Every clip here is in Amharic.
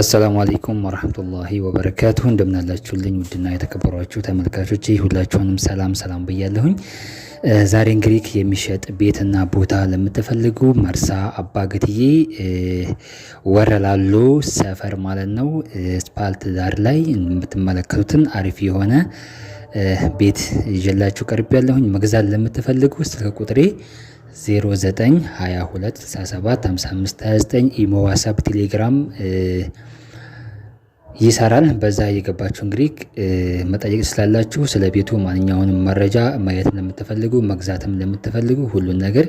አሰላሙ አለይኩም ወረህመቱላሂ ወበረካቱሁ እንደምናላችሁልኝ ውድና የተከበሯችሁ ተመልካቾች ሁላችሁንም ሰላም ሰላም ብያለሁኝ። ዛሬ እንግዲህ የሚሸጥ ቤትና ቦታ ለምትፈልጉ መርሳ አባገትዬ ወረላሎ ሰፈር ማለት ነው ስፓልት ዳር ላይ የምትመለከቱትን አሪፍ የሆነ ቤት ይዤላችሁ ቀርቤ ያለሁኝ። መግዛት ለምትፈልጉ ስልክ ቁጥሬ 0922 ኢሞ፣ ዋትሳፕ፣ ቴሌግራም ይሰራል። በዛ እየገባችሁ እንግዲህ መጠየቅ ስላላችሁ ስለ ቤቱ ማንኛውንም መረጃ ማየት ለምትፈልጉ መግዛትም ለምትፈልጉ ሁሉን ነገር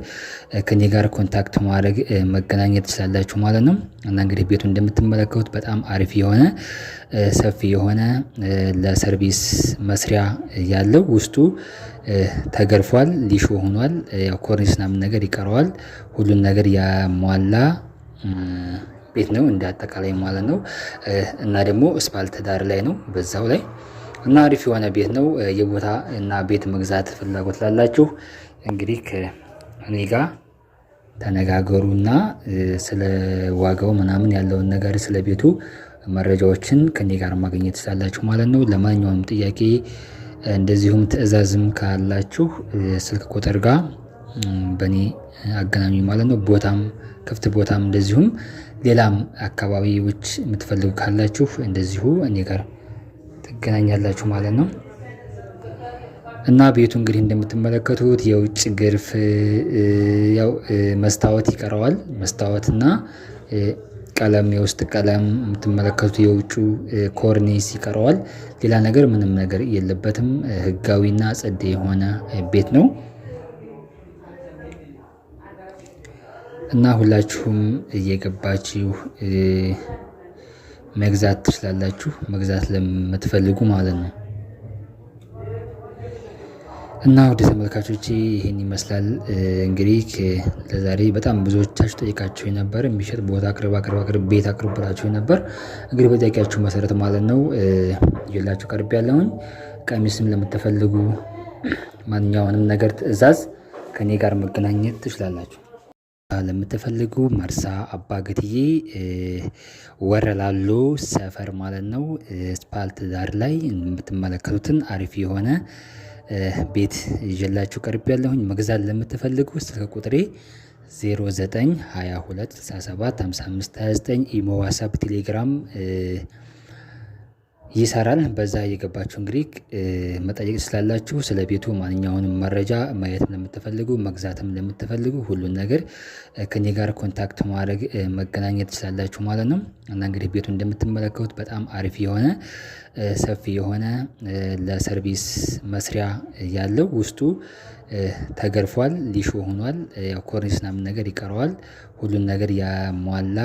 ከኔ ጋር ኮንታክት ማድረግ መገናኘት ስላላችሁ ማለት ነው። እና እንግዲህ ቤቱ እንደምትመለከቱት በጣም አሪፍ የሆነ ሰፊ የሆነ ለሰርቪስ መስሪያ ያለው ውስጡ ተገርፏል፣ ሊሾ ሆኗል። ኮርኒስ ምናምን ነገር ይቀረዋል። ሁሉን ነገር ያሟላ ቤት ነው እንደ አጠቃላይ ማለት ነው። እና ደግሞ እስፓልት ዳር ላይ ነው በዛው ላይ እና አሪፍ የሆነ ቤት ነው። የቦታ እና ቤት መግዛት ፍላጎት ላላችሁ እንግዲህ ከእኔ ጋር ተነጋገሩና ስለ ዋጋው ምናምን ያለውን ነገር ስለ ቤቱ መረጃዎችን ከኔ ጋር ማግኘት ትችላላችሁ ማለት ነው። ለማንኛውም ጥያቄ እንደዚሁም ትዕዛዝም ካላችሁ ስልክ ቁጥር ጋር በእኔ አገናኙ ማለት ነው። ቦታም ክፍት ቦታም እንደዚሁም ሌላም አካባቢዎች የምትፈልጉ ካላችሁ እንደዚሁ እኔ ጋር ትገናኛላችሁ ማለት ነው። እና ቤቱ እንግዲህ እንደምትመለከቱት የውጭ ግርፍ ያው መስታወት ይቀረዋል። መስታወትና ቀለም የውስጥ ቀለም የምትመለከቱት የውጩ ኮርኒስ ይቀረዋል። ሌላ ነገር ምንም ነገር የለበትም። ህጋዊና ጸደ የሆነ ቤት ነው። እና ሁላችሁም እየገባችሁ መግዛት ትችላላችሁ፣ መግዛት ለምትፈልጉ ማለት ነው። እና ወደ ተመልካቾች ይህን ይመስላል እንግዲህ ለዛሬ በጣም ብዙዎቻችሁ ጠይቃችሁ ነበር። የሚሸጥ ቦታ አቅርብ አቅርብ አቅርብ ቤት አቅርብላችሁ ነበር። እንግዲህ በጥያቄያችሁ መሰረት ማለት ነው ይዤላችሁ ቀርብ ያለውን ቀሚስም ለምትፈልጉ ማንኛውንም ነገር ትዕዛዝ ከኔ ጋር መገናኘት ትችላላችሁ። ለምትፈልጉ መርሳ አባ ገትዬ ወረላሎ ሰፈር ማለት ነው። ስፓልት ዳር ላይ የምትመለከቱትን አሪፍ የሆነ ቤት ይዤላችሁ ቀርብ ያለሁኝ መግዛት ለምትፈልጉ ስልክ ቁጥሬ 0922675529 ኢሞ፣ ዋትሳፕ፣ ቴሌግራም ይሰራል። በዛ እየገባችሁ እንግዲህ መጠየቅ ስላላችሁ ስለ ቤቱ ማንኛውንም መረጃ ማየትም ለምትፈልጉ መግዛትም ለምትፈልጉ ሁሉን ነገር ከኔ ጋር ኮንታክት ማድረግ መገናኘት ስላላችሁ ማለት ነው። እና እንግዲህ ቤቱ እንደምትመለከቱት በጣም አሪፍ የሆነ ሰፊ የሆነ ለሰርቪስ መስሪያ ያለው ውስጡ ተገርፏል፣ ሊሾ ሆኗል፣ ኮርኒስ ምናምን ነገር ይቀረዋል። ሁሉን ነገር ያሟላ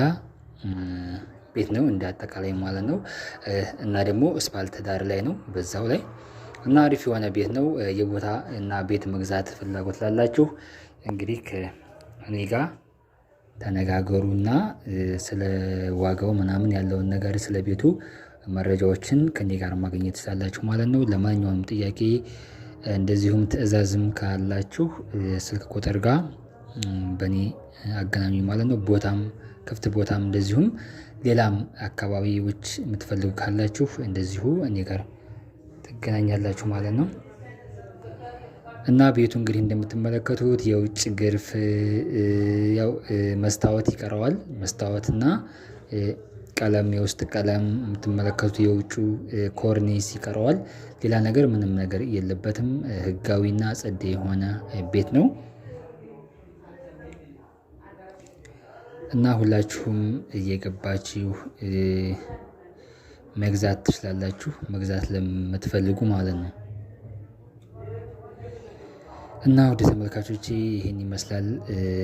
ቤት ነው እንደ አጠቃላይ ማለት ነው። እና ደግሞ እስፓልት ዳር ላይ ነው በዛው ላይ እና አሪፍ የሆነ ቤት ነው። የቦታ እና ቤት መግዛት ፍላጎት ላላችሁ እንግዲህ ከእኔ ጋር ተነጋገሩና ስለ ዋጋው ምናምን ያለውን ነገር ስለ ቤቱ መረጃዎችን ከኔ ጋር ማግኘት ትችላላችሁ ማለት ነው። ለማንኛውም ጥያቄ እንደዚሁም ትዕዛዝም ካላችሁ ስልክ ቁጥር ጋር በእኔ አገናኙ ማለት ነው ቦታም ክፍት ቦታም እንደዚሁም ሌላም አካባቢዎች የምትፈልጉ ካላችሁ እንደዚሁ እኔ ጋር ትገናኛላችሁ ማለት ነው። እና ቤቱ እንግዲህ እንደምትመለከቱት የውጭ ግርፍ ያው መስታወት ይቀረዋል። መስታወት እና ቀለም የውስጥ ቀለም የምትመለከቱ የውጩ ኮርኒስ ይቀረዋል። ሌላ ነገር ምንም ነገር የለበትም። ህጋዊና ጸደ የሆነ ቤት ነው። እና ሁላችሁም እየገባችሁ መግዛት ትችላላችሁ፣ መግዛት ለምትፈልጉ ማለት ነው። እና ወደ ተመልካቾች ይህን ይመስላል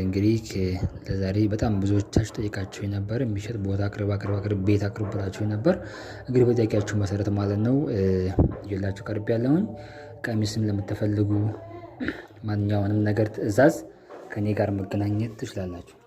እንግዲህ ለዛሬ በጣም ብዙዎቻችሁ ጠይቃችሁ ነበር፣ የሚሸጥ ቦታ አቅርብ አቅርብ አቅርብ ቤት አቅርብ ብላችሁ ነበር። እንግዲህ በጠያቂያችሁ መሰረት ማለት ነው ይዤላችሁ ቀርብ ያለውን ቀሚስም ለምትፈልጉ ማንኛውንም ነገር ትዕዛዝ ከእኔ ጋር መገናኘት ትችላላችሁ።